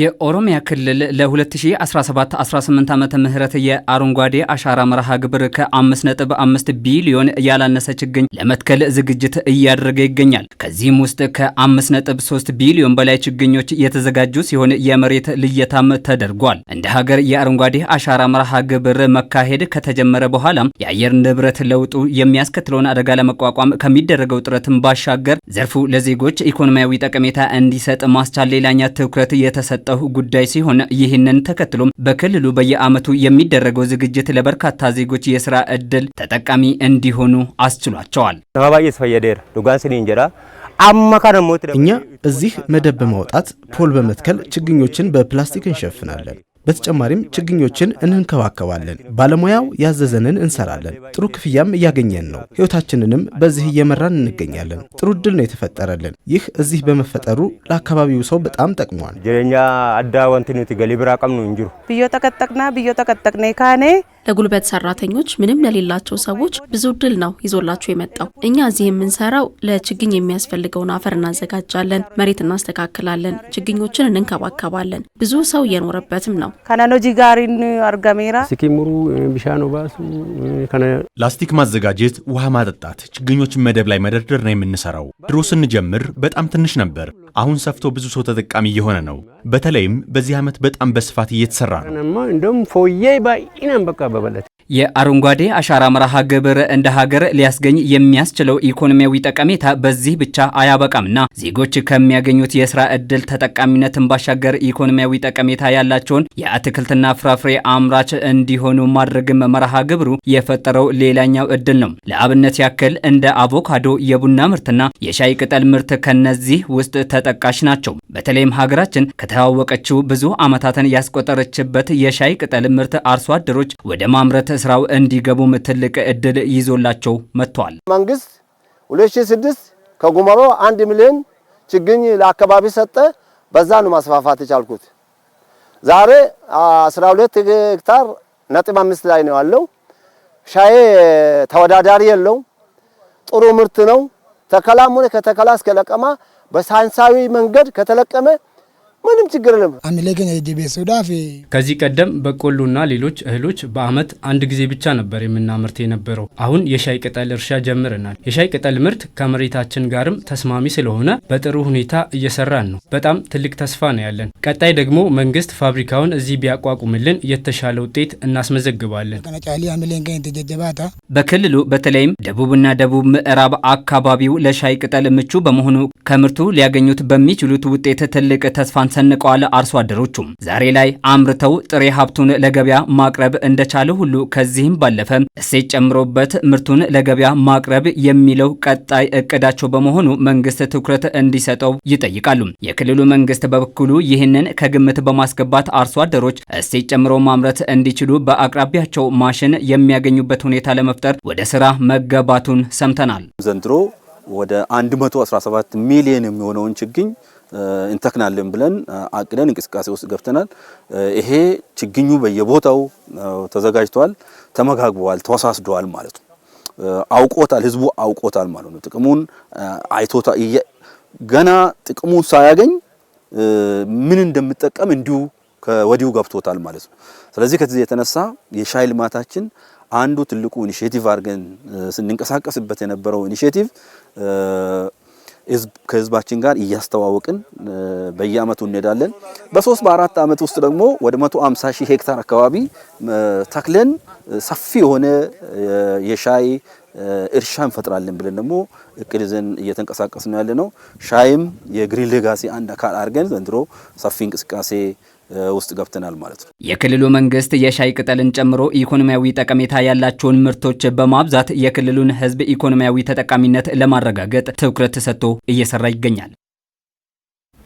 የኦሮሚያ ክልል ለ2017-18 ዓመተ ምህረት የአረንጓዴ አሻራ መርሃ ግብር ከ5.5 ቢሊዮን ያላነሰ ችግኝ ለመትከል ዝግጅት እያደረገ ይገኛል። ከዚህም ውስጥ ከ5.3 ቢሊዮን በላይ ችግኞች የተዘጋጁ ሲሆን የመሬት ልየታም ተደርጓል። እንደ ሀገር የአረንጓዴ አሻራ መርሃ ግብር መካሄድ ከተጀመረ በኋላም የአየር ንብረት ለውጡ የሚያስከትለውን አደጋ ለመቋቋም ከሚደረገው ጥረትም ባሻገር ዘርፉ ለዜጎች ኢኮኖሚያዊ ጠቀሜታ እንዲሰጥ ማስቻል ሌላኛ ትኩረት የተሰ የተሰጠው ጉዳይ ሲሆን ይህንን ተከትሎም በክልሉ በየዓመቱ የሚደረገው ዝግጅት ለበርካታ ዜጎች የስራ እድል ተጠቃሚ እንዲሆኑ አስችሏቸዋል። እኛ እዚህ መደብ በማውጣት ፖል በመትከል ችግኞችን በፕላስቲክ እንሸፍናለን። በተጨማሪም ችግኞችን እንንከባከባለን። ባለሙያው ያዘዘንን እንሰራለን። ጥሩ ክፍያም እያገኘን ነው። ሕይወታችንንም በዚህ እየመራን እንገኛለን። ጥሩ እድል ነው የተፈጠረልን። ይህ እዚህ በመፈጠሩ ለአካባቢው ሰው በጣም ጠቅሟል። ጅሬኛ አዳ ወንትኑት ገሊብራ ነው እንጅሩ ብዮ ተቀጠቅና ብዮ ተቀጠቅነ ካኔ ለጉልበት ሰራተኞች፣ ምንም ለሌላቸው ሰዎች ብዙ እድል ነው ይዞላቸው የመጣው። እኛ እዚህ የምንሰራው ለችግኝ የሚያስፈልገውን አፈር እናዘጋጃለን፣ መሬት እናስተካክላለን፣ ችግኞችን እንንከባከባለን። ብዙ ሰው እየኖረበትም ነው። ጋሪን ሲኪሙሩ ቢሻኖ ባሱ ላስቲክ ማዘጋጀት፣ ውሃ ማጠጣት፣ ችግኞችን መደብ ላይ መደርደር ነው የምንሰራው። ድሮ ስንጀምር በጣም ትንሽ ነበር። አሁን ሰፍቶ ብዙ ሰው ተጠቃሚ እየሆነ ነው። በተለይም በዚህ ዓመት በጣም በስፋት እየተሰራ ነው። እንደውም ፎዬ በቃ Bapak Dati. የአረንጓዴ አሻራ መርሃ ግብር እንደ ሀገር ሊያስገኝ የሚያስችለው ኢኮኖሚያዊ ጠቀሜታ በዚህ ብቻ አያበቃምና ዜጎች ከሚያገኙት የስራ እድል ተጠቃሚነትን ባሻገር ኢኮኖሚያዊ ጠቀሜታ ያላቸውን የአትክልትና ፍራፍሬ አምራች እንዲሆኑ ማድረግም መርሃ ግብሩ የፈጠረው ሌላኛው እድል ነው። ለአብነት ያክል እንደ አቮካዶ፣ የቡና ምርትና የሻይ ቅጠል ምርት ከነዚህ ውስጥ ተጠቃሽ ናቸው። በተለይም ሀገራችን ከተዋወቀችው ብዙ ዓመታትን ያስቆጠረችበት የሻይ ቅጠል ምርት አርሶ አደሮች ወደ ማምረት ስራው እንዲገቡም ትልቅ እድል ይዞላቸው መጥቷል። መንግስት 2006 ከጉመሮ አንድ ሚሊዮን ችግኝ ለአካባቢ ሰጠ። በዛ ነው ማስፋፋት የቻልኩት። ዛሬ 12 ሄክታር ነጥብ አምስት ላይ ነው ያለው። ሻዬ ተወዳዳሪ የለው። ጥሩ ምርት ነው። ተከላም ሆነ ከተከላ እስከ ለቀማ በሳይንሳዊ መንገድ ከተለቀመ ምንም ችግር ነው። ከዚህ ቀደም በቆሎና ሌሎች እህሎች በአመት አንድ ጊዜ ብቻ ነበር የምናመርት የነበረው። አሁን የሻይ ቅጠል እርሻ ጀምረናል። የሻይ ቅጠል ምርት ከመሬታችን ጋርም ተስማሚ ስለሆነ በጥሩ ሁኔታ እየሰራን ነው። በጣም ትልቅ ተስፋ ነው ያለን። ቀጣይ ደግሞ መንግስት ፋብሪካውን እዚህ ቢያቋቁምልን የተሻለ ውጤት እናስመዘግባለን። በክልሉ በተለይም ደቡብና ደቡብ ምዕራብ አካባቢው ለሻይ ቅጠል ምቹ በመሆኑ ከምርቱ ሊያገኙት በሚችሉት ውጤት ትልቅ ተስፋን ሰንቀዋል። አርሶ አደሮቹም ዛሬ ላይ አምርተው ጥሬ ሀብቱን ለገበያ ማቅረብ እንደቻለ ሁሉ ከዚህም ባለፈ እሴት ጨምሮበት ምርቱን ለገበያ ማቅረብ የሚለው ቀጣይ እቅዳቸው በመሆኑ መንግስት ትኩረት እንዲሰጠው ይጠይቃሉ። የክልሉ መንግስት በበኩሉ ይህንን ከግምት በማስገባት አርሶ አደሮች እሴት ጨምሮ ማምረት እንዲችሉ በአቅራቢያቸው ማሽን የሚያገኙበት ሁኔታ ለመፍጠር ወደ ስራ መገባቱን ሰምተናል። ዘንድሮ ወደ 117 ሚሊዮን የሚሆነውን ችግኝ እንተክናለን ብለን አቅደን እንቅስቃሴ ውስጥ ገብተናል። ይሄ ችግኙ በየቦታው ተዘጋጅቷል፣ ተመጋግቧል ተወሳስደዋል ማለት ነው። አውቆታል፣ ህዝቡ አውቆታል ማለት ነው። ጥቅሙን አይቶታ ገና ጥቅሙን ሳያገኝ ምን እንደምጠቀም እንዲሁ ከወዲሁ ገብቶታል ማለት ነው። ስለዚህ ከዚህ የተነሳ የሻይ ልማታችን አንዱ ትልቁ ኢኒሼቲቭ አድርገን ስንንቀሳቀስበት የነበረው ኢኒሼቲቭ ከህዝባችን ጋር እያስተዋወቅን በየአመቱ እንሄዳለን። በሶስት በአራት አመት ውስጥ ደግሞ ወደ 150 ሺህ ሄክታር አካባቢ ተክለን ሰፊ የሆነ የሻይ እርሻ እንፈጥራለን ብለን ደግሞ እቅድ ይዘን እየተንቀሳቀስ ነው ያለ ነው። ሻይም የግሪን ሌጋሲ አንድ አካል አድርገን ዘንድሮ ሰፊ እንቅስቃሴ ውስጥ ገብተናል ማለት ነው። የክልሉ መንግስት የሻይ ቅጠልን ጨምሮ ኢኮኖሚያዊ ጠቀሜታ ያላቸውን ምርቶች በማብዛት የክልሉን ህዝብ ኢኮኖሚያዊ ተጠቃሚነት ለማረጋገጥ ትኩረት ሰጥቶ እየሰራ ይገኛል።